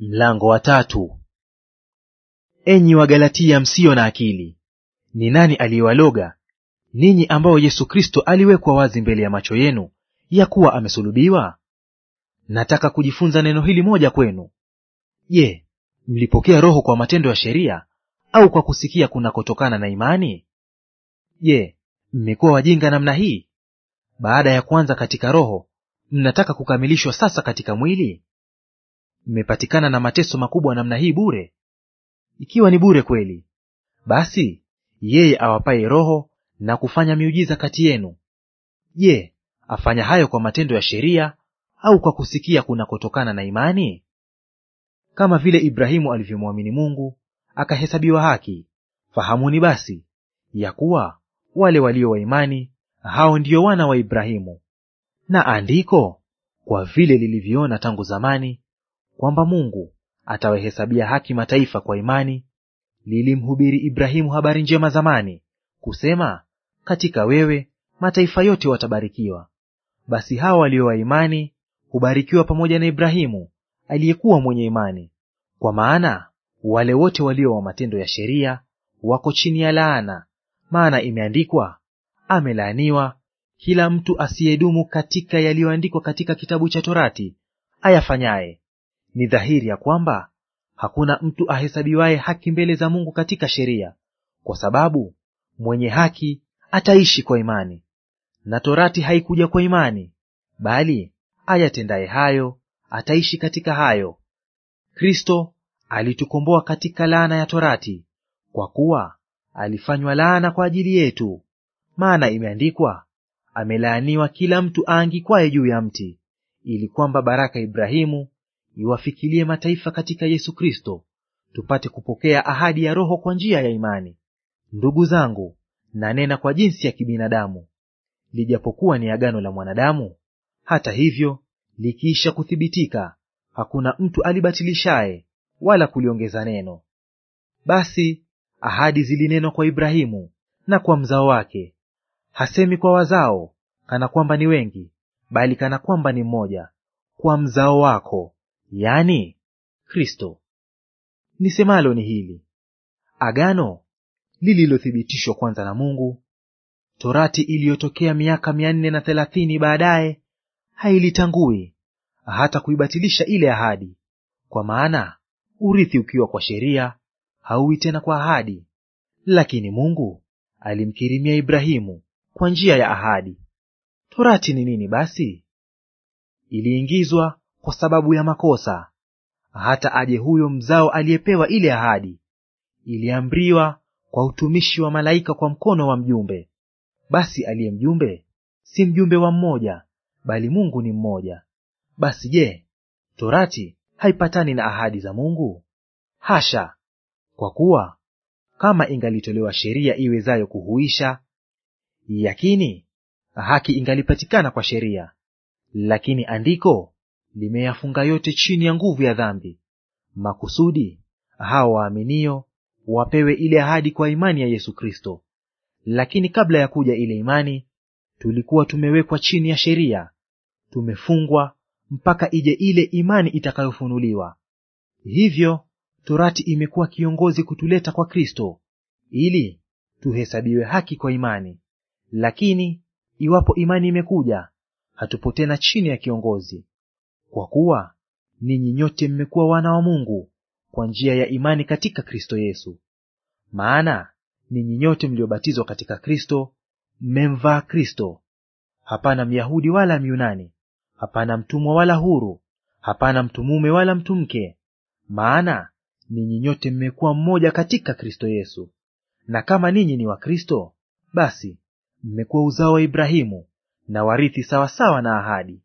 Mlango wa tatu. Enyi Wagalatia msio na akili, ni nani aliyewaloga ninyi ambao Yesu Kristo aliwekwa wazi mbele ya macho yenu ya kuwa amesulubiwa? Nataka kujifunza neno hili moja kwenu. Je, mlipokea Roho kwa matendo ya sheria au kwa kusikia kunakotokana na imani? Je, mmekuwa wajinga namna hii? Baada ya kuanza katika Roho, mnataka kukamilishwa sasa katika mwili? mmepatikana na mateso makubwa namna hii bure? Ikiwa ni bure kweli, basi yeye awapaye Roho na kufanya miujiza kati yenu, je, afanya hayo kwa matendo ya sheria au kwa kusikia kunakotokana na imani? Kama vile Ibrahimu alivyomwamini Mungu akahesabiwa haki, fahamuni basi ya kuwa wale walio wa imani hao ndiyo wana wa Ibrahimu. Na andiko, kwa vile lilivyoona tangu zamani, kwamba Mungu atawahesabia haki mataifa kwa imani, lilimhubiri Ibrahimu habari njema zamani, kusema, katika wewe mataifa yote watabarikiwa. Basi hawa walio wa imani hubarikiwa pamoja na Ibrahimu aliyekuwa mwenye imani. Kwa maana wale wote walio wa matendo ya sheria wako chini ya laana, maana imeandikwa, amelaaniwa kila mtu asiyedumu katika yaliyoandikwa katika kitabu cha Torati ayafanyaye, ni dhahiri ya kwamba hakuna mtu ahesabiwaye haki mbele za Mungu katika sheria, kwa sababu mwenye haki ataishi kwa imani. Na torati haikuja kwa imani, bali ayatendaye hayo ataishi katika hayo. Kristo alitukomboa katika laana ya torati, kwa kuwa alifanywa laana kwa ajili yetu. Maana imeandikwa, amelaaniwa kila mtu aangikwaye juu ya mti, ili kwamba baraka Ibrahimu iwafikilie mataifa katika Yesu Kristo, tupate kupokea ahadi ya Roho kwa njia ya imani. Ndugu zangu, nanena kwa jinsi ya kibinadamu. Lijapokuwa ni agano la mwanadamu, hata hivyo likiisha kuthibitika, hakuna mtu alibatilishaye wala kuliongeza neno. Basi ahadi zilinenwa kwa Ibrahimu na kwa mzao wake. Hasemi kwa wazao, kana kwamba ni wengi, bali kana kwamba ni mmoja, kwa mzao wako yani Kristo. Nisemalo ni hili: agano lililothibitishwa kwanza na Mungu, torati iliyotokea miaka mia nne na thelathini baadaye hailitangui hata kuibatilisha ile ahadi. Kwa maana urithi ukiwa kwa sheria hauwi tena kwa ahadi, lakini Mungu alimkirimia Ibrahimu kwa njia ya ahadi. Torati ni nini basi? Iliingizwa kwa sababu ya makosa, hata aje huyo mzao aliyepewa ile ahadi. Iliamriwa kwa utumishi wa malaika kwa mkono wa mjumbe. Basi aliye mjumbe si mjumbe wa mmoja, bali Mungu ni mmoja. Basi je, torati haipatani na ahadi za Mungu? Hasha! Kwa kuwa kama ingalitolewa sheria iwezayo kuhuisha, yakini haki ingalipatikana kwa sheria. Lakini andiko limeyafunga yote chini ya nguvu ya dhambi, makusudi hao waaminio wapewe ile ahadi kwa imani ya Yesu Kristo. Lakini kabla ya kuja ile imani, tulikuwa tumewekwa chini ya sheria, tumefungwa mpaka ije ile imani itakayofunuliwa. Hivyo torati imekuwa kiongozi kutuleta kwa Kristo, ili tuhesabiwe haki kwa imani. Lakini iwapo imani imekuja, hatupo tena chini ya kiongozi. Kwa kuwa ninyi nyote mmekuwa wana wa Mungu kwa njia ya imani katika Kristo Yesu. Maana ninyi nyote mliobatizwa katika Kristo mmemvaa Kristo. Hapana Myahudi wala Myunani, hapana mtumwa wala huru, hapana mtumume wala mtumke, maana ninyi nyote mmekuwa mmoja katika Kristo Yesu. Na kama ninyi ni wa Kristo, basi mmekuwa uzao wa Ibrahimu na warithi sawasawa na ahadi.